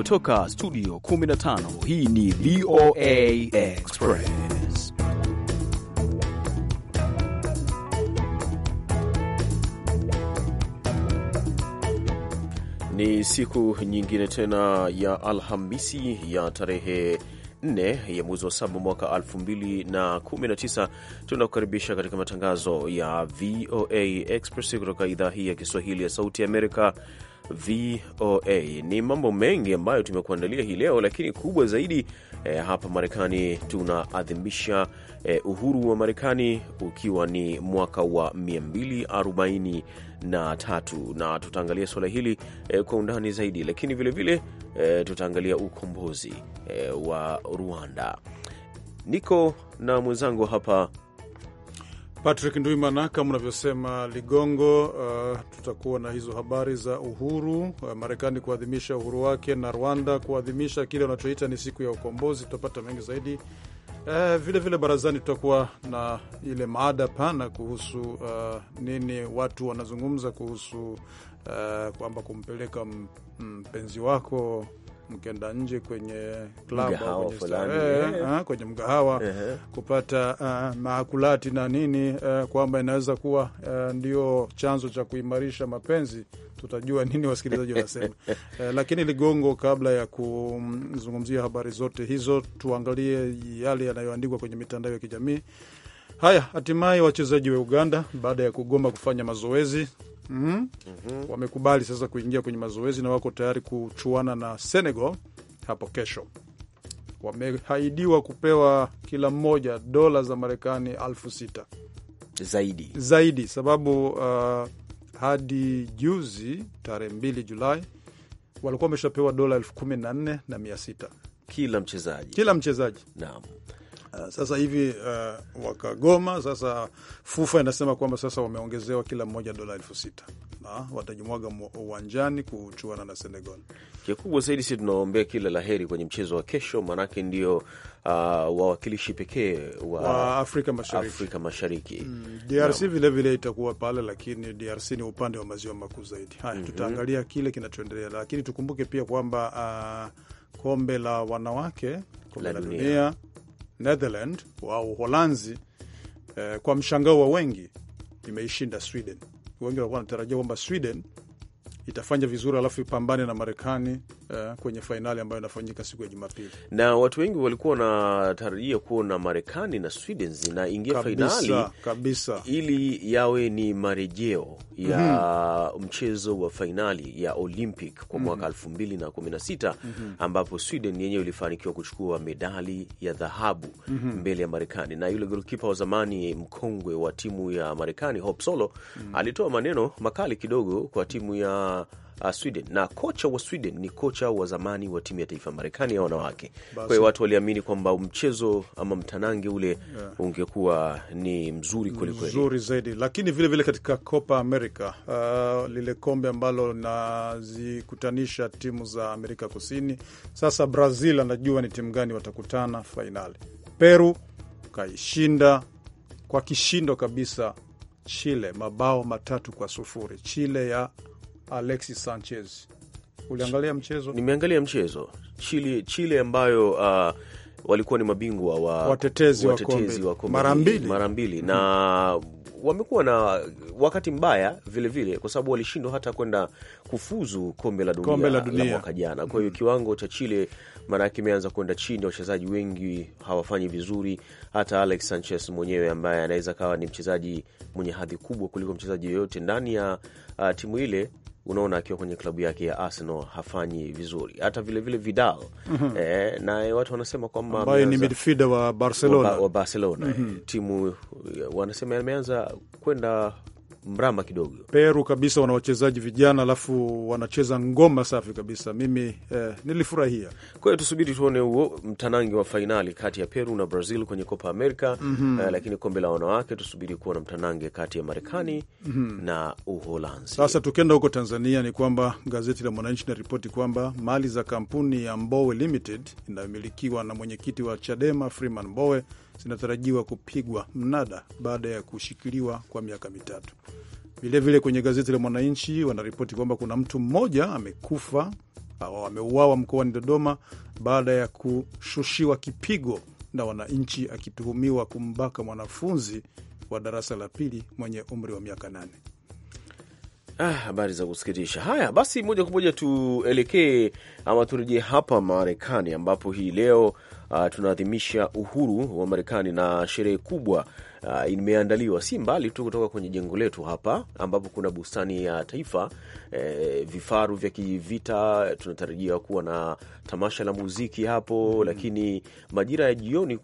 kutoka studio 15 hii ni VOA Express. Ni siku nyingine tena ya Alhamisi ya tarehe 4 ya mwezi wa saba mwaka 2019. Tunakukaribisha katika matangazo ya VOA Express kutoka idhaa hii ya Kiswahili ya Sauti Amerika VOA. Ni mambo mengi ambayo tumekuandalia hii leo, lakini kubwa zaidi eh, hapa Marekani tunaadhimisha eh, uhuru wa Marekani ukiwa ni mwaka wa 243 na, na tutaangalia suala hili eh, kwa undani zaidi, lakini vilevile eh, tutaangalia ukombozi eh, wa Rwanda. Niko na mwenzangu hapa Patrick Ndwimana, kama unavyosema Ligongo. Uh, tutakuwa na hizo habari za uhuru, uh, Marekani kuadhimisha uhuru wake na Rwanda kuadhimisha kile wanachoita ni siku ya ukombozi. Tutapata mengi zaidi vilevile. Uh, vile barazani, tutakuwa na ile maada pana kuhusu uh, nini watu wanazungumza kuhusu uh, kwamba kumpeleka mpenzi wako mkienda nje kwenye klabu au eh. Eh, kwenye mgahawa kupata uh, mahakulati na nini uh, kwamba inaweza kuwa uh, ndio chanzo cha kuimarisha mapenzi tutajua nini wasikilizaji wanasema. lakini Ligongo, kabla ya kuzungumzia habari zote hizo, tuangalie yale yanayoandikwa kwenye mitandao ya kijamii. Haya, hatimaye wachezaji wa Uganda baada ya kugoma kufanya mazoezi mm -hmm. wamekubali sasa kuingia kwenye mazoezi na wako tayari kuchuana na Senegal hapo kesho. Wamehaidiwa kupewa kila mmoja dola za Marekani elfu sita zaidi zaidi, sababu uh, hadi juzi tarehe 2 Julai walikuwa wameshapewa dola elfu kumi na nne na mia sita kila mchezaji, kila mchezaji. Naam. Eh, sasa hivi uh, eh, wakagoma. Sasa FUFA inasema kwamba sasa wameongezewa kila mmoja dola elfu sita na watajimwaga uwanjani kuchuana na Senegal. Kikubwa zaidi, si tunaombea kila la heri kwenye mchezo wa kesho, maanake ndio uh, wawakilishi pekee wa, wa Afrika Mashariki, Afrika Mashariki. Mm, DRC vilevile itakuwa pale, lakini DRC ni upande wa maziwa makuu zaidi. Haya, mm -hmm. Tutaangalia kile kinachoendelea, lakini tukumbuke pia kwamba uh, kombe la wanawake, kombe la dunia, dunia Netherland au Holanzi eh, kwa mshangao wa wengi imeishinda Sweden. Wengi walikuwa wanatarajia kwamba Sweden itafanya vizuri alafu ipambane na Marekani Eh, kwenye fainali ambayo inafanyika siku ya Jumapili, na watu wengi walikuwa wanatarajia kuona Marekani na Sweden zinaingia fainali kabisa, ili yawe ni marejeo ya mm -hmm. mchezo wa fainali ya Olympic kwa mhm. mwaka elfu mm -hmm. mbili na kumi na sita mm -hmm. ambapo Sweden yenyewe ilifanikiwa kuchukua medali ya dhahabu mm -hmm. mbele ya Marekani, na yule golkipa wa zamani mkongwe wa timu ya Marekani Hope Solo mm -hmm. alitoa maneno makali kidogo kwa timu ya uh, Sweden na kocha wa Sweden ni kocha wa zamani wa timu ya taifa Marekani ya wanawake. Kwa hiyo watu waliamini kwamba mchezo ama mtanange ule yeah, ungekuwa ni mzuri kwelikweli, mzuri zaidi. Lakini vilevile vile katika Copa America uh, lile kombe ambalo linazikutanisha timu za Amerika Kusini, sasa Brazil anajua ni timu gani watakutana fainali. Peru kaishinda kwa kishindo kabisa Chile mabao matatu kwa sufuri. Chile ya Alexis Sanchez. Uliangalia mchezo? Nimeangalia mchezo Chile, Chile ambayo uh, walikuwa ni mabingwa wa watetezi wa kombe mara mbili mhm. na wamekuwa na wakati mbaya vilevile, kwa sababu walishindwa hata kwenda kufuzu kombe la dunia la mwaka jana. Kwa hiyo mhm. kiwango cha Chile yake imeanza kwenda chini, wachezaji wengi hawafanyi vizuri. Hata Alex Sanchez mwenyewe ambaye anaweza kawa ni mchezaji mwenye hadhi kubwa kuliko mchezaji yoyote ndani ya uh, timu ile unaona akiwa kwenye klabu yake ya Arsenal hafanyi vizuri, hata vilevile vile Vidal mm -hmm. eh, naye watu wanasema kwamba ambaye ni midfielder wa Barcelona, wa, ba, wa Barcelona. Mm -hmm. timu wanasema ameanza kwenda mrama kidogo. Peru kabisa wana wachezaji vijana, alafu wanacheza ngoma safi kabisa. Mimi eh, nilifurahia. Kwa hiyo tusubiri tuone huo mtanangi wa fainali kati ya Peru na Brazil kwenye Copa America. mm -hmm. Eh, lakini kombe la wanawake tusubiri kuona mtanange kati ya Marekani mm -hmm. na Uholanzi. Sasa tukienda huko Tanzania ni kwamba gazeti la Mwananchi linaripoti kwamba mali za kampuni ya Mbowe Limited inayomilikiwa na mwenyekiti wa Chadema Freeman Mbowe zinatarajiwa kupigwa mnada baada ya kushikiliwa kwa miaka mitatu. Vilevile kwenye gazeti la Mwananchi wanaripoti kwamba kuna mtu mmoja amekufa au ameuawa mkoani Dodoma baada ya kushushiwa kipigo na wananchi, akituhumiwa kumbaka mwanafunzi wa darasa la pili mwenye umri wa miaka nane. Ah, habari za kusikitisha. Haya basi, moja kwa moja tuelekee ama turejee hapa Marekani ambapo hii leo Ah, tunaadhimisha uhuru wa Marekani na sherehe kubwa uh, imeandaliwa si mbali tu kutoka kwenye jengo letu hapa, ambapo kuna bustani ya taifa e, vifaru vya kivita. Tunatarajia kuwa na tamasha la muziki hapo mm -hmm. Lakini majira ya jioni,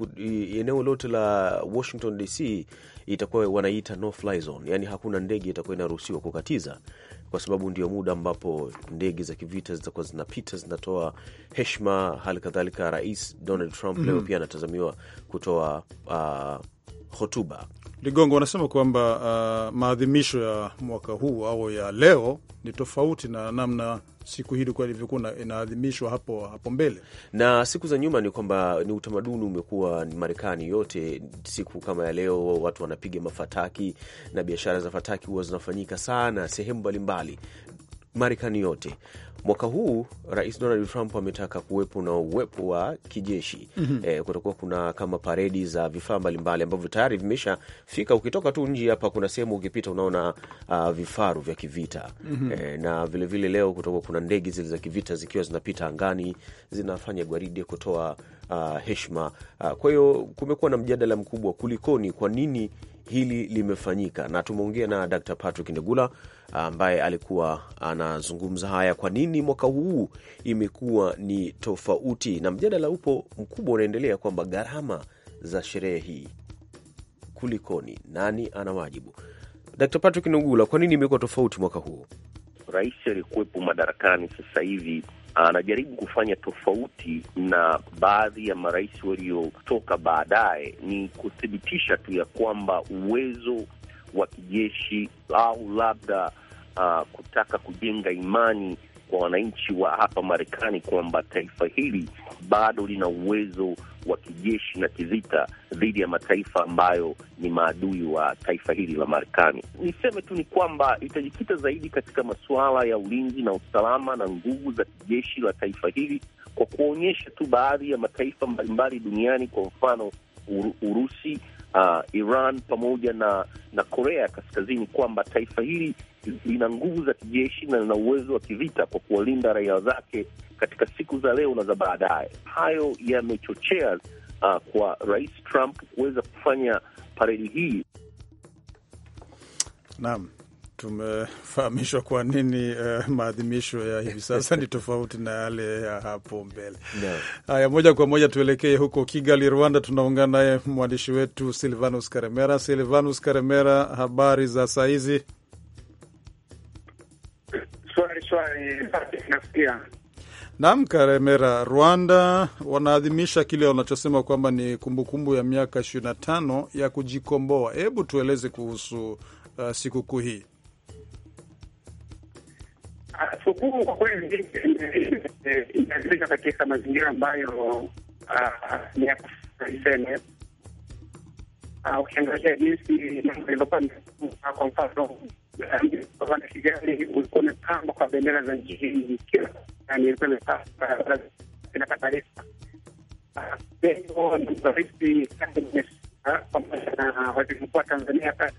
eneo lote la Washington DC itakuwa wanaita no fly zone, yani hakuna ndege itakuwa inaruhusiwa kukatiza kwa sababu ndio muda ambapo ndege za kivita zitakuwa zinapita zinatoa heshima. Hali kadhalika Rais Donald Trump mm -hmm. leo mm-hmm. pia anatazamiwa kutoa uh, hotuba. Ligongo wanasema kwamba uh, maadhimisho ya mwaka huu au ya leo ni tofauti na namna siku hii ilikuwa ilivyokuwa inaadhimishwa hapo hapo mbele. Na siku za nyuma ni kwamba ni utamaduni umekuwa Marekani yote, siku kama ya leo watu wanapiga mafataki na biashara za fataki huwa zinafanyika sana sehemu mbalimbali Marekani yote. Mwaka huu Rais Donald Trump ametaka kuwepo na uwepo wa kijeshi mm -hmm. E, kutakuwa kuna kama paredi za vifaa mbalimbali ambavyo tayari vimeshafika. Ukitoka tu nje hapa, kuna sehemu ukipita unaona uh, vifaru vya kivita mm -hmm. E, na vilevile vile leo kutakuwa kuna ndege zile za kivita zikiwa zinapita angani zinafanya gwaridi kutoa uh, heshima uh. Kwa hiyo kumekuwa na mjadala mkubwa, kulikoni, kwa nini hili limefanyika, na tumeongea na Dr. Patrick Ndegula uh, ambaye alikuwa anazungumza haya, kwa nini mwaka huu imekuwa ni tofauti, na mjadala upo mkubwa unaendelea kwamba gharama za sherehe hii kulikoni, nani ana wajibu? Dr. Patrick Ndegula, kwa nini imekuwa tofauti mwaka huu? Rais alikuwepo madarakani sasa hivi anajaribu kufanya tofauti na baadhi ya marais waliotoka baadaye, ni kuthibitisha tu ya kwamba uwezo wa kijeshi au labda uh, kutaka kujenga imani kwa wananchi wa hapa Marekani kwamba taifa hili bado lina uwezo wa kijeshi na kivita dhidi ya mataifa ambayo ni maadui wa taifa hili la Marekani. Niseme tu ni kwamba itajikita zaidi katika masuala ya ulinzi na usalama na nguvu za kijeshi la taifa hili kwa kuonyesha tu baadhi ya mataifa mbalimbali duniani, kwa mfano Urusi uh, Iran pamoja na, na Korea ya Kaskazini kwamba taifa hili lina nguvu za kijeshi na lina uwezo wa kivita kwa kuwalinda raia zake katika siku za leo na za baadaye. Hayo yamechochea uh, kwa Rais Trump kuweza kufanya paredi hii. Naam tumefahamishwa kwa nini uh, maadhimisho ya hivi sasa ni tofauti na yale ya hapo mbele. Haya, no. Moja kwa moja tuelekee huko Kigali, Rwanda. Tunaungana naye mwandishi wetu Silvanus Karemera. Silvanus Karemera, habari za saa hizi? Naam, Karemera, Rwanda wanaadhimisha kile wanachosema kwamba ni kumbukumbu ya miaka ishirini na tano ya kujikomboa. Hebu tueleze kuhusu uh, sikukuu hii. Sukumu kwa kweli imeanzilika katika mazingira ambayo ah, ni ya iseme, ah, ukiangalia jinsi mambo ilivyokuwa, ah, kwa mfano ana Kigali ulikuwa umepambwa kwa bendera za nchi hii, kila ilikuwa pamoja na waziri mkuu wa Tanzania na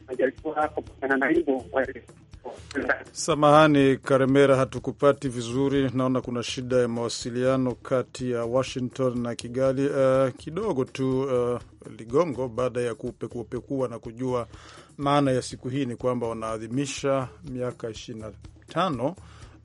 Samahani Karemera, hatukupati vizuri. Naona kuna shida ya mawasiliano kati ya Washington na Kigali. Uh, kidogo tu uh, Ligongo, baada ya kupekuapekua na kujua maana ya siku hii, ni kwamba wanaadhimisha miaka ishirini na tano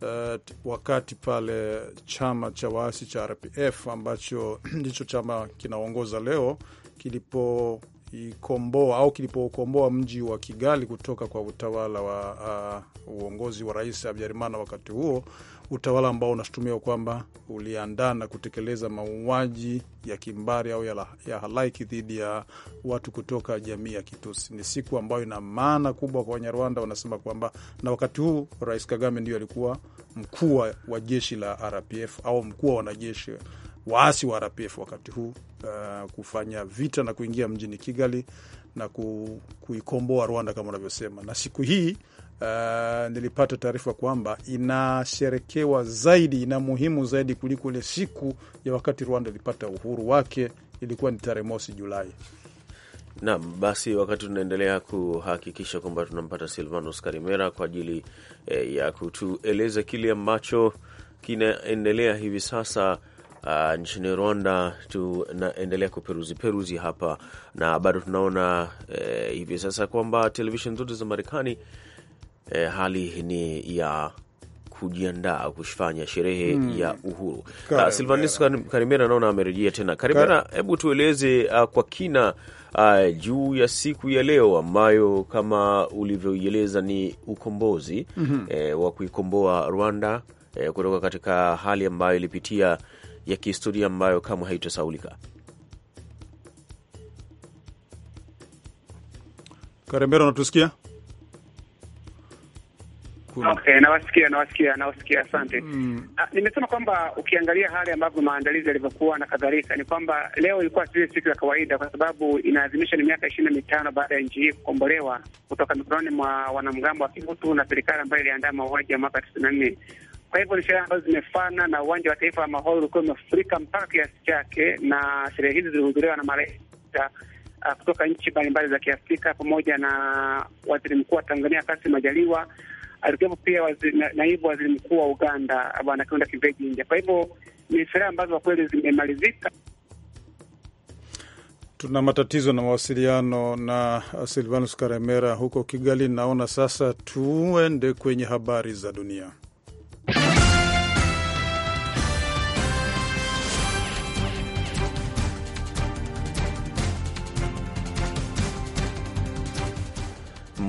uh, wakati pale chama cha waasi cha RPF ambacho ndicho chama kinaongoza leo kilipo kilikomboa au kilipokomboa mji wa Kigali kutoka kwa utawala wa uh, uongozi wa Rais Habyarimana wakati huo, utawala ambao unashutumiwa kwamba uliandaa na kutekeleza mauaji ya kimbari au ya, ya halaiki dhidi ya watu kutoka jamii ya Kitusi. Ni siku ambayo ina maana kubwa kwa Wanyarwanda, wanasema kwamba, na wakati huu Rais Kagame ndio alikuwa mkuu wa jeshi la RPF au mkuu wa wanajeshi waasi wa RPF wakati huu uh, kufanya vita na kuingia mjini Kigali na ku, kuikomboa Rwanda kama unavyosema. Na siku hii uh, nilipata taarifa kwamba inasherekewa zaidi, ina muhimu zaidi kuliko ile siku ya wakati Rwanda ilipata uhuru wake, ilikuwa ni tarehe mosi Julai. Naam, basi wakati tunaendelea kuhakikisha kwamba tunampata Silvanos Karimera kwa ajili eh, ya kutueleza kile ambacho kinaendelea hivi sasa uh, nchini Rwanda. Tunaendelea kuperuzi peruzi hapa na bado tunaona eh, hivi sasa kwamba televisheni zote za Marekani eh, hali ni ya kujiandaa kufanya sherehe hmm, ya uhuru. Uh, Silvanus Karimera naona amerejea tena. Karimera, hebu tueleze uh, kwa kina uh, juu ya siku ya leo ambayo kama ulivyoieleza ni ukombozi mm -hmm. eh, wa kuikomboa Rwanda eh, kutoka katika hali ambayo ilipitia ya kihistoria ambayo kamwe haitosaulika. Karembera, unatusikia? Okay, nawasikia nawasikia nawasikia, asante mm. Nimesema kwamba ukiangalia hali ambavyo maandalizi yalivyokuwa na kadhalika, ni kwamba leo ilikuwa sio siku ya kawaida, kwa sababu inaadhimisha ni miaka ishirini na mitano baada ya nchi hii kukombolewa kutoka mikononi mwa wanamgambo wa Kihutu na serikali ambayo iliandaa mauaji ya mwaka tisini na nne. Kwa hivyo ni sherehe ambazo zimefana na uwanja wa taifa wa Mahoro ulikuwa umefurika mpaka kiasi chake, na sherehe hizi zilihudhuriwa na malaika uh, ah, kutoka nchi mbalimbali za Kiafrika pamoja na waziri mkuu wa Tanzania Kassim Majaliwa, alikuwepo pia waziri, na, naibu waziri mkuu wa Uganda bwana Kiunda Kiveginja. Kwa hivyo ni sherehe ambazo kwa kweli zimemalizika. Tuna matatizo na mawasiliano na ah, Silvanus Karemera huko Kigali. Naona sasa tuende kwenye habari za dunia.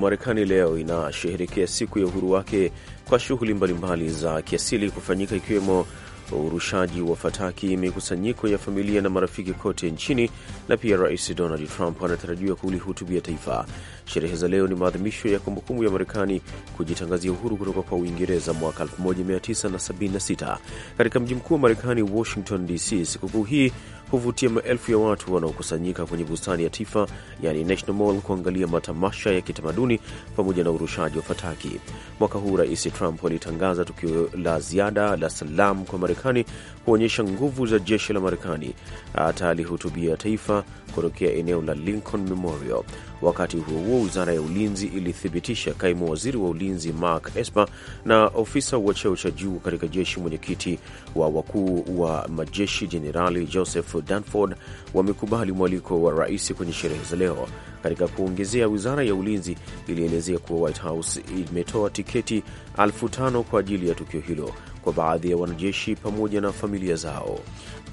Marekani leo inasherehekea siku ya uhuru wake kwa shughuli mbalimbali za kiasili kufanyika, ikiwemo urushaji wa fataki, mikusanyiko ya familia na marafiki kote nchini, na pia Rais Donald Trump anatarajiwa kulihutubia taifa. Sherehe za leo ni maadhimisho ya kumbukumbu ya Marekani kujitangazia uhuru kutoka kwa Uingereza mwaka 1976 katika mji mkuu wa Marekani, Washington DC. Sikukuu hii huvutia maelfu ya watu wanaokusanyika kwenye bustani ya Tifa, yani National Mall, kuangalia matamasha ya kitamaduni pamoja na urushaji wa fataki. Mwaka huu Rais Trump alitangaza tukio la ziada la salam kwa Marekani kuonyesha nguvu za jeshi la Marekani. Hata alihutubia taifa kutokea eneo la Lincoln Memorial. Wakati huo huo, wizara ya ulinzi ilithibitisha kaimu waziri wa ulinzi Mark Esper na ofisa wa cheo cha juu katika jeshi mwenyekiti wa wakuu wa majeshi Jenerali Joseph Dunford wamekubali mwaliko wa rais kwenye sherehe za leo. Katika kuongezea, wizara ya ulinzi ilielezea kuwa White House imetoa tiketi elfu tano kwa ajili ya tukio hilo kwa baadhi ya wanajeshi pamoja na familia zao.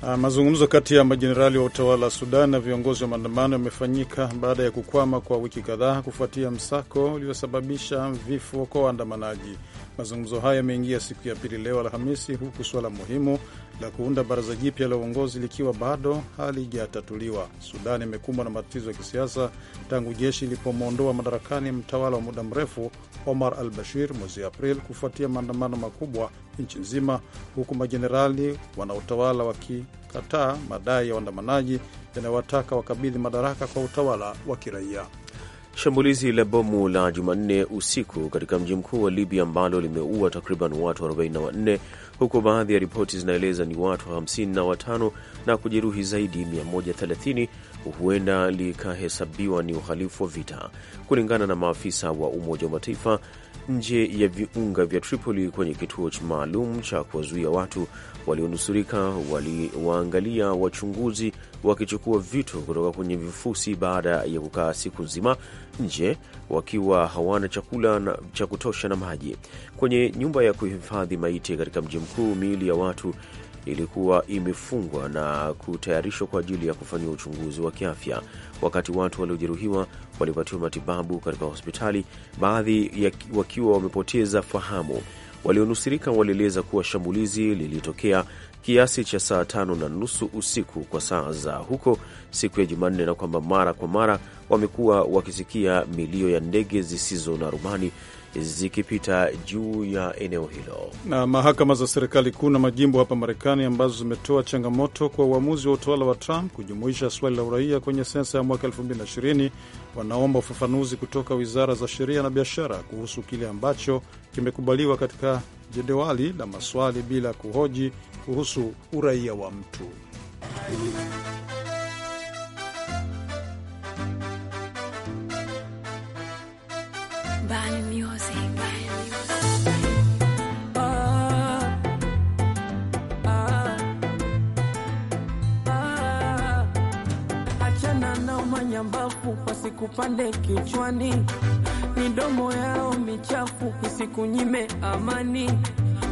Uh, mazungumzo kati ya majenerali wa utawala wa Sudan na viongozi wa maandamano yamefanyika baada ya kukwama kwa wiki kadhaa kufuatia msako uliosababisha vifo kwa waandamanaji. Mazungumzo hayo yameingia siku ya pili leo Alhamisi, huku suala muhimu la kuunda baraza jipya la uongozi likiwa bado halijatatuliwa. Sudani imekumbwa na matatizo ya kisiasa tangu jeshi lilipomwondoa madarakani mtawala wa muda mrefu Omar al Bashir mwezi April kufuatia maandamano makubwa nchi nzima, huku majenerali wanaotawala wakikataa madai ya waandamanaji yanayowataka wakabidhi madaraka kwa utawala wa kiraia. Shambulizi la bomu la Jumanne usiku katika mji mkuu wa Libya ambalo limeua takriban watu 44 huku baadhi ya ripoti zinaeleza ni watu 55 na kujeruhi zaidi 130 huenda likahesabiwa ni uhalifu wa vita, kulingana na maafisa wa Umoja wa Mataifa nje ya viunga vya Tripoli kwenye kituo maalum cha kuwazuia watu Walionusurika waliwaangalia wachunguzi wakichukua vitu kutoka kwenye vifusi baada ya kukaa siku nzima nje wakiwa hawana chakula cha kutosha na maji. Kwenye nyumba ya kuhifadhi maiti katika mji mkuu, miili ya watu ilikuwa imefungwa na kutayarishwa kwa ajili ya kufanyia uchunguzi wa kiafya. Wakati watu waliojeruhiwa walipatiwa matibabu katika hospitali, baadhi wakiwa wamepoteza fahamu. Walionusurika walieleza kuwa shambulizi lilitokea kiasi cha saa tano na nusu usiku kwa saa za huko siku ya Jumanne, na kwamba mara kwa mara wamekuwa wakisikia milio ya ndege zisizo na rubani zikipita juu ya eneo hilo. Na mahakama za serikali kuu na majimbo hapa Marekani ambazo zimetoa changamoto kwa uamuzi wa utawala wa Trump kujumuisha swali la uraia kwenye sensa ya mwaka 2020 wanaomba ufafanuzi kutoka wizara za sheria na biashara kuhusu kile ambacho kimekubaliwa katika jedwali la maswali bila kuhoji kuhusu uraia wa mtu. Bani music. chafu wasikupande kichwani, midomo yao michafu isikunyime amani.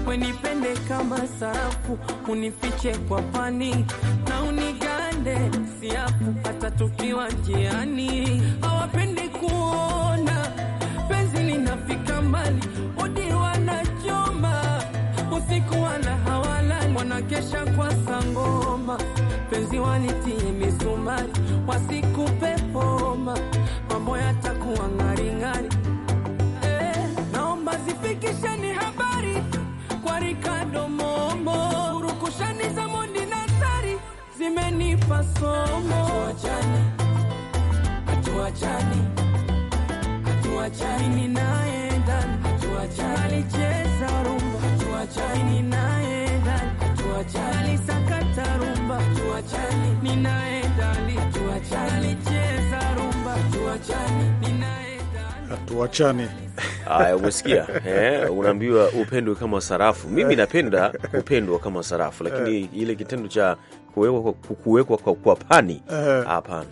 Wenipende kama sarafu, unifiche kwa pani na unigande siafu, hata tukiwa njiani. Hawapendi kuona penzi linafika mbali, udi wanachoma usiku wanahama kesha kwa sangoma, penzi walitie misumari, wasikupe poma, mambo yatakuwa ng'aring'ari. Eh, naomba zifikisheni habari kwa Ricardo Mombo, urukushani za mondi na tari zimenipa somo. Hatuachani, hatuachani, hatuachani, naenda, hatuachani, alicheza rumba, hatuachani, naenda tuachani, sakata rumba tuachani, ninaenda li tuachani, cheza rumba tuachani, ninaenda ah, tuachani. Aya, umesikia eh? Unaambiwa upendwe kama sarafu. Mimi eh. napenda kupendwa kama sarafu, lakini eh. ile kitendo cha kuwekwa kwa, kwa pani eh. hapana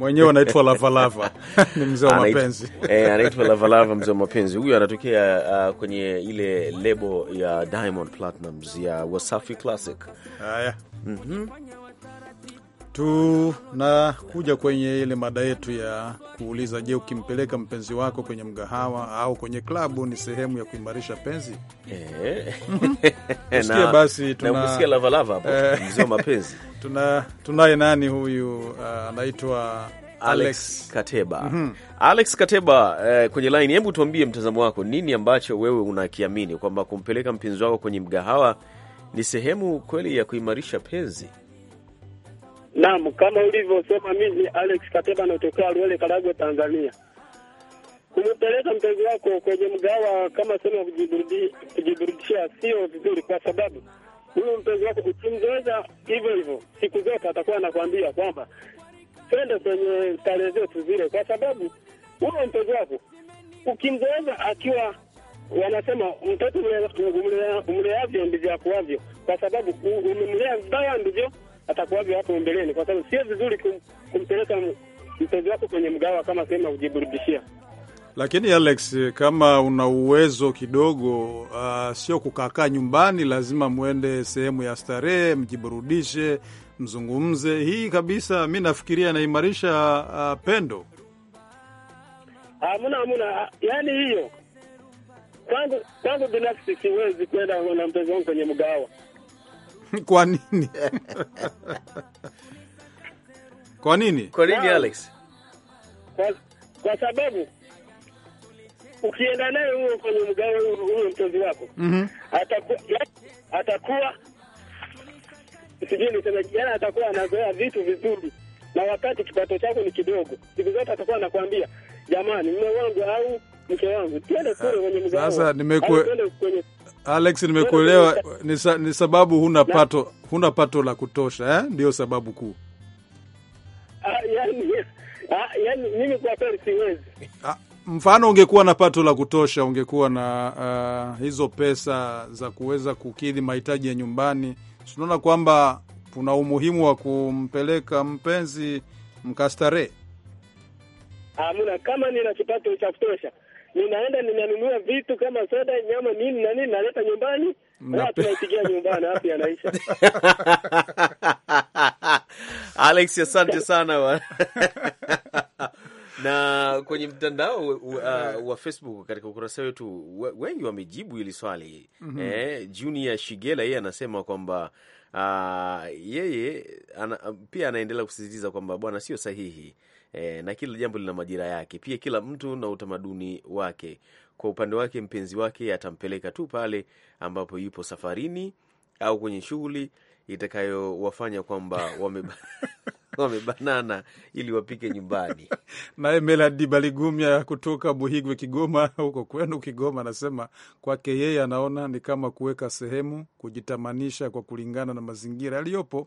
mwenyewe anaitwa Lavalava, ni mzee wa mapenzi eh, anaitwa Lavalava, mzee wa mapenzi huyu. Anatokea uh, kwenye ile lebo ya Diamond platnums ya Wasafi Classic. Haya, mm -hmm. Tunakuja kwenye ile mada yetu ya kuuliza, je, ukimpeleka mpenzi wako kwenye mgahawa au kwenye klabu ni sehemu ya kuimarisha penzi? Tusikie eh. basi, eh. tunaye tuna, tuna nani huyu ah, anaitwa uh, Alex Kateba. mm -hmm. Alex Kateba, eh, kwenye line, hebu tuambie mtazamo wako, nini ambacho wewe unakiamini kwamba kumpeleka mpenzi wako kwenye mgahawa ni sehemu kweli ya kuimarisha penzi? Naam, kama ulivyosema, mimi Alex Kateba natokea Luele, Karagwe, Tanzania. Kumpeleka mpenzi wako kwenye mgawa kama sema ya kujiburudisha sio vizuri, kwa sababu huyu mpenzi wako ukimzoeza hivyo hivyo, siku zote atakuwa anakwambia kwamba twende kwenye starehe zetu zile, kwa sababu huyo mpenzi wako ukimzoeza akiwa wanasema mtoto umleavyo ndivyo akuavyo, kwa sababu umemlea vibaya ndivyo atakuwaje hapo mbeleni, kwa sababu sio vizuri kum, kumpeleka mpenzi wako kwenye mgawa kama sehemu ya kujiburudishia. Lakini Alex, kama una uwezo kidogo, uh, sio kukakaa nyumbani, lazima mwende sehemu ya starehe, mjiburudishe, mzungumze. Hii kabisa mi nafikiria inaimarisha uh, pendo. Amuna, amuna, ah, yani hiyo kwangu, kwangu binafsi siwezi kwenda na mpenzi wangu kwenye mgawa Kwa nini? Kwa nini? Kwa nini Alex? Kwa, kwa sababu ukienda naye huyo kwenye mgao huyo mtozi wako mm -hmm. Ataku, ya, yaani atakuwa sijui niseme jana, yaani atakuwa anazoea vitu vizuri, na wakati kipato chako ni kidogo, siku zote atakuwa anakuambia jamani, mme wangu au mke wangu, twende kule kwenye mgao sasa nimekuwa Alex, nimekuelewa. Ni sababu huna pato, huna pato la kutosha eh? Ndio sababu kuu. Ah, ah, ah, mfano ungekuwa na pato la kutosha, ungekuwa na uh, hizo pesa za kuweza kukidhi mahitaji ya nyumbani, tunaona kwamba kuna umuhimu wa kumpeleka mpenzi mkastarehe. amuna kama nina kipato cha kutosha ninaenda ninanunua vitu kama soda, nyama, nini na nini, naleta nyumbani tunaipigia nyumbani, yanaisha. Alex, asante sana na kwenye mtandao uh, eh. wa Facebook katika ukurasa wetu wengi wamejibu hili swali mm -hmm. Eh, Junior Shigela yeye anasema kwamba uh, yeye ana, pia anaendelea kusisitiza kwamba bwana, sio sahihi e, na kila jambo lina majira yake, pia kila mtu na utamaduni wake. Kwa upande wake, mpenzi wake atampeleka tu pale ambapo yupo safarini au kwenye shughuli itakayowafanya kwamba wame wamebanana ili wapike nyumbani. Naye Meladi Baligumya kutoka Buhigwe, Kigoma, huko kwenu Kigoma, anasema kwake yeye anaona ni kama kuweka sehemu kujitamanisha kwa kulingana na mazingira yaliyopo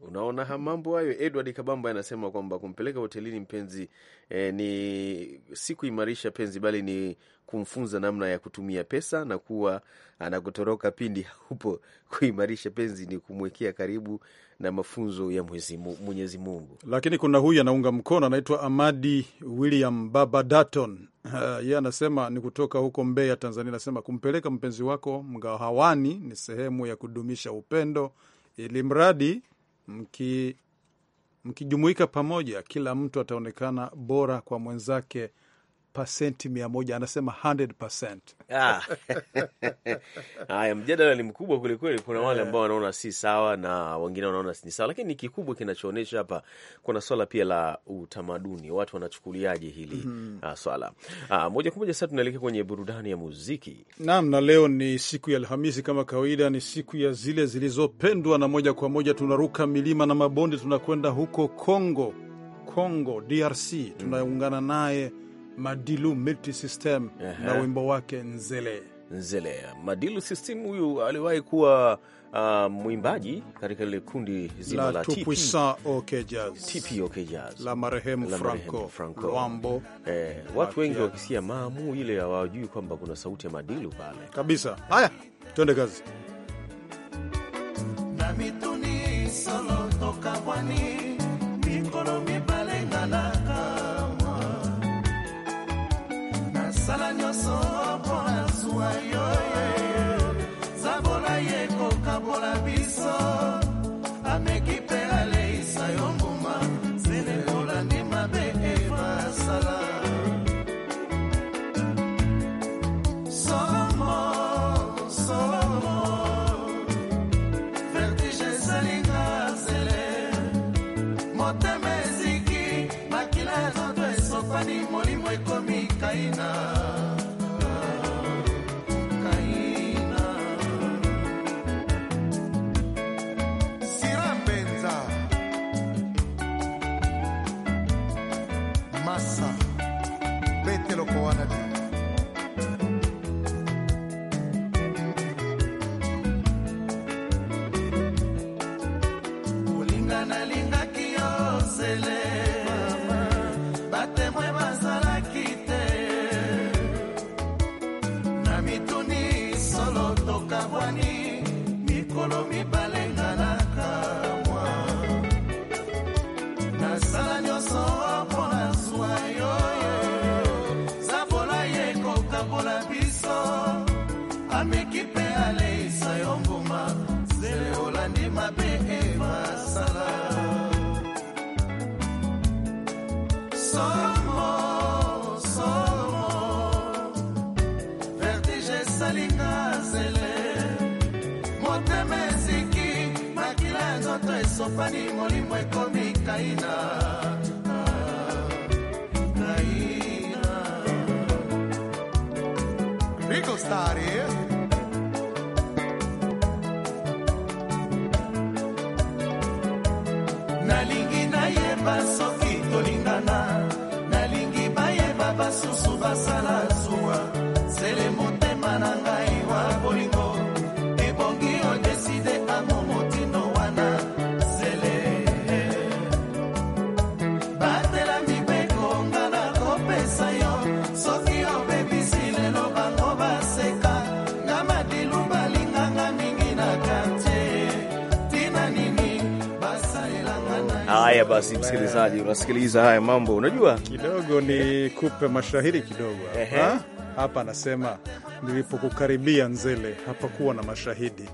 Unaona mambo hayo. Edward Kabamba anasema kwamba kumpeleka hotelini mpenzi eh, ni si kuimarisha penzi, bali ni kumfunza namna ya kutumia pesa na kuwa anakutoroka pindi haupo. Kuimarisha penzi ni kumwekea karibu na mafunzo ya Mwenyezi Mungu. Lakini kuna huyu anaunga mkono, anaitwa Amadi William Baba Daton. Uh, ah, ye anasema ni kutoka huko Mbeya, Tanzania. Anasema kumpeleka mpenzi wako mgahawani ni sehemu ya kudumisha upendo, ili mradi mkijumuika pamoja, kila mtu ataonekana bora kwa mwenzake pasenti mia moja, anasema 100%. Ah. Haya, mjadala ni mkubwa kwelikweli. Kuna wale ambao wanaona si sawa na wengine wanaona ni sawa, lakini kikubwa kinachoonyesha hapa kuna swala pia la utamaduni, watu wanachukuliaje hili mm -hmm. swala ah, moja kwa moja sasa tunaelekea kwenye burudani ya muziki. Naam, na leo ni siku ya Alhamisi, kama kawaida ni siku ya zile zilizopendwa, na moja kwa moja tunaruka milima na mabonde, tunakwenda huko Kongo, Kongo DRC, tunaungana naye mm -hmm. Madilu System uh -huh. na wimbo wake Nzele Nzele. Madilu System huyu aliwahi kuwa uh, mwimbaji katika lile kundi zima la TP OK Jazz, TP OK Jazz la marehemu Franco Luambo. Eh, watu wengi wakisikia maamu ile hawajui kwamba kuna sauti ya Madilu pale kabisa. Haya, twende kazi. sopani molimo ekomi kaina kaina Rico Stari nalingi nayeba soki tolingana nalingi bayeba basusu basala zuwa sele motema na ngai Haya basi, msikilizaji, unasikiliza haya mambo, unajua kidogo ni kupe mashahiri kidogo hapa. Hapa anasema nilipokukaribia Nzele hapakuwa na mashahidi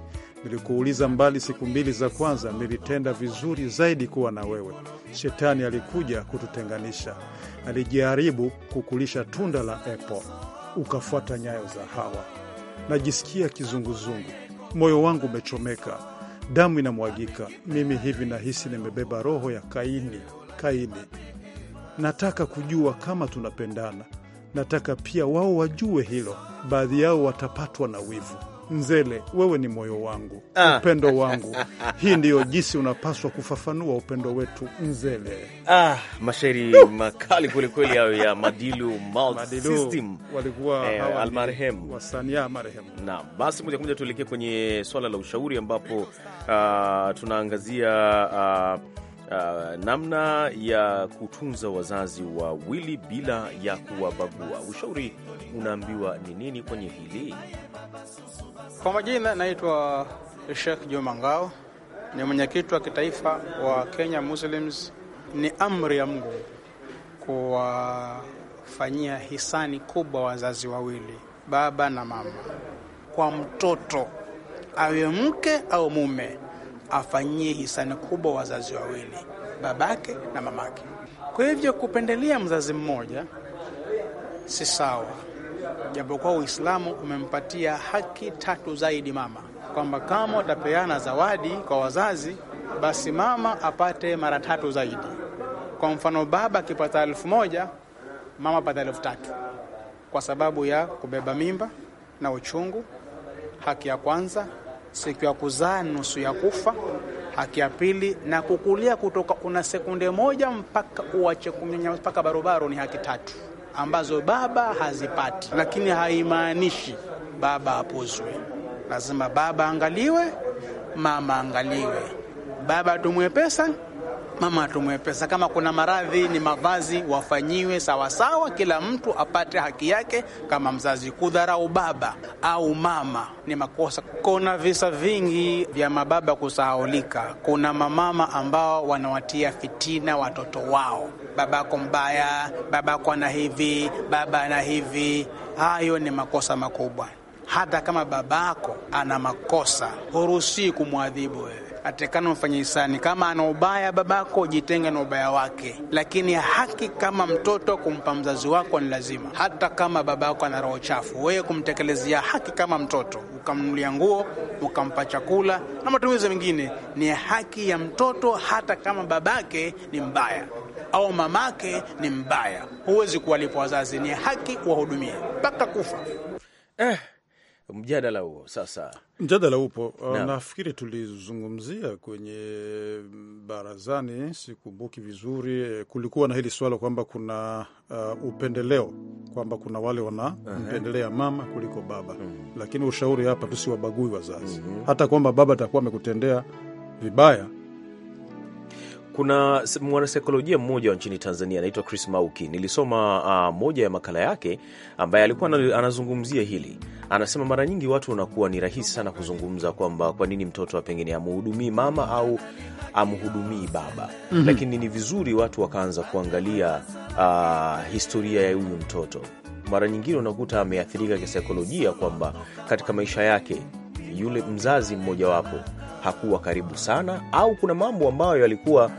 nilikuuliza mbali siku mbili za kwanza, nilitenda vizuri zaidi kuwa na wewe. Shetani alikuja kututenganisha, alijaribu kukulisha tunda la epo, ukafuata nyayo za Hawa. Najisikia kizunguzungu, moyo wangu umechomeka damu inamwagika. Mimi hivi nahisi nimebeba roho ya Kaini. Kaini, nataka kujua kama tunapendana. Nataka pia wao wajue hilo. Baadhi yao watapatwa na wivu. Mzele, wewe ni moyo wangu, ah. upendo wangu. Hii ndiyo jinsi unapaswa kufafanua upendo wetu Mzele. Ah, mashairi makali kwelikweli hayo ya Madilu System, walikuwa eh, ah, marehemu. basi moja kwa moja tuelekee kwenye swala la ushauri ambapo uh, tunaangazia uh, uh, namna ya kutunza wazazi wawili bila ya kuwabagua. Ushauri unaambiwa ni nini kwenye hili? Kwa majina naitwa Sheikh Juma Ngao, ni mwenyekiti wa kitaifa wa Kenya Muslims. Ni amri ya Mungu kuwafanyia hisani kubwa wazazi wawili, baba na mama, kwa mtoto awe mke au mume afanyie hisani kubwa wazazi wawili, babake na mamake. Kwa hivyo kupendelea mzazi mmoja si sawa, japokuwa Uislamu umempatia haki tatu zaidi mama, kwamba kama watapeana zawadi kwa wazazi, basi mama apate mara tatu zaidi. Kwa mfano, baba akipata elfu moja mama apata elfu tatu kwa sababu ya kubeba mimba na uchungu, haki ya kwanza siku ya kuzaa nusu ya kufa, haki ya pili, na kukulia kutoka una sekunde moja mpaka uache kunyonya mpaka barobaro, ni haki tatu ambazo baba hazipati, lakini haimaanishi baba apuzwe. Lazima baba angaliwe, mama angaliwe, baba tumwe pesa mama atumwe pesa. Kama kuna maradhi ni mavazi wafanyiwe sawasawa, kila mtu apate haki yake kama mzazi. Kudharau baba au mama ni makosa. Kuna visa vingi vya mababa kusahaulika. Kuna mamama ambao wanawatia fitina watoto wao, babako mbaya, babako ana hivi, baba ana hivi. Hayo ni makosa makubwa. Hata kama babako ana makosa, huruhusii kumwadhibu wewe atakana mfanya hisani. Kama ana ubaya babako, jitenge na ubaya wake, lakini haki kama mtoto kumpa mzazi wako ni lazima, hata kama babako ana roho chafu, wewe kumtekelezea haki kama mtoto, ukamnulia nguo, ukampa chakula na matumizi mengine, ni haki ya mtoto, hata kama babake ni mbaya au mamake ni mbaya. Huwezi kuwalipa wazazi, ni haki wahudumie mpaka kufa eh mjadala huo sasa. Mjadala upo uh, na, nafikiri tulizungumzia kwenye barazani, sikumbuki vizuri, eh, kulikuwa na hili swala kwamba kuna uh, upendeleo kwamba kuna wale wanampendelea mama kuliko baba mm. Lakini ushauri hapa tusiwabagui wazazi mm -hmm. hata kwamba baba atakuwa amekutendea vibaya kuna mwanasaikolojia mmoja nchini Tanzania anaitwa Chris Mauki. Nilisoma uh, moja ya makala yake ambaye alikuwa anazungumzia hili. Anasema mara nyingi watu wanakuwa ni rahisi sana kuzungumza kwamba kwa nini mtoto pengine amhudumii mama au amhudumii baba mm -hmm. Lakini ni vizuri watu wakaanza kuangalia uh, historia ya huyu mtoto. Mara nyingine unakuta ameathirika kisaikolojia kwamba katika maisha yake yule mzazi mmojawapo hakuwa karibu sana, au kuna mambo ambayo alikuwa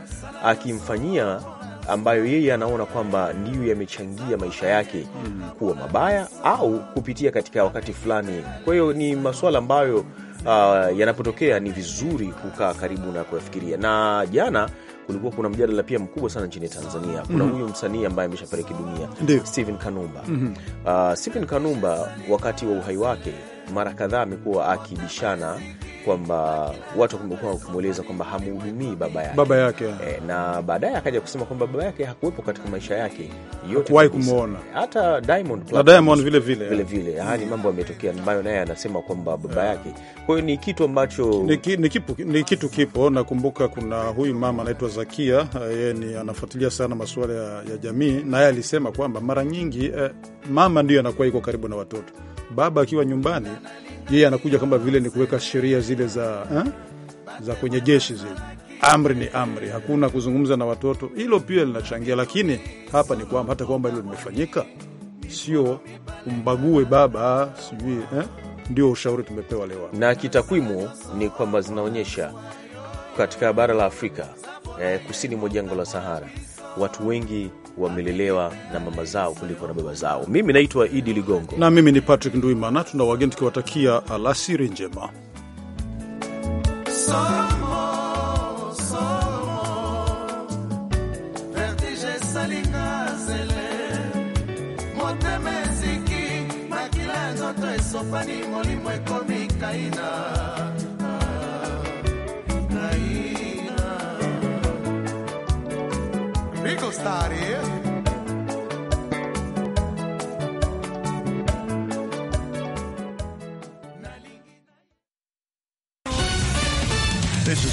akimfanyia ambayo yeye anaona kwamba ndiyo yamechangia maisha yake hmm. kuwa mabaya au kupitia katika wakati fulani. Kwa hiyo ni masuala ambayo uh, yanapotokea ni vizuri kukaa karibu na kuyafikiria. Na jana kulikuwa kuna mjadala pia mkubwa sana nchini Tanzania. Kuna hmm. huyu mm -hmm. msanii ambaye ameshafariki dunia Stephen Kanumba mm -hmm. uh, Stephen Kanumba wakati wa uhai wake mara kadhaa amekuwa akibishana kwamba watu wamekuwa wakimweleza kwamba hamuhudumii baba yake, baba yake e, na baadaye akaja kusema kwamba baba yake hakuwepo katika maisha yake yote, hakuwahi kumuona hata Diamond na Diamond vile vile vile vile, yaani mambo yametokea ambayo naye anasema kwamba baba yeah. yake. Kwa hiyo ni kitu ambacho ni, ki, ni, ni kitu kipo. Nakumbuka kuna huyu mama anaitwa Zakia, eh, yeye ni anafuatilia sana masuala ya, ya jamii, na yeye alisema kwamba mara nyingi eh, mama ndiyo anakuwa iko karibu na watoto, baba akiwa nyumbani yeye anakuja kama vile ni kuweka sheria zile za ha? Eh, za kwenye jeshi zile, amri ni amri, hakuna kuzungumza na watoto. Hilo pia linachangia, lakini hapa ni kwamba hata kwamba hilo limefanyika, sio umbague baba, sijui eh? Ndio ushauri tumepewa leo, na kitakwimu ni kwamba zinaonyesha katika bara la Afrika eh, kusini mwa jangwa la Sahara watu wengi wamelelewa na mama zao kuliko na baba zao. Mimi naitwa Idi Ligongo na mimi ni Patrick Nduimana. Tuna wageni tukiwatakia alasiri njema. gostaria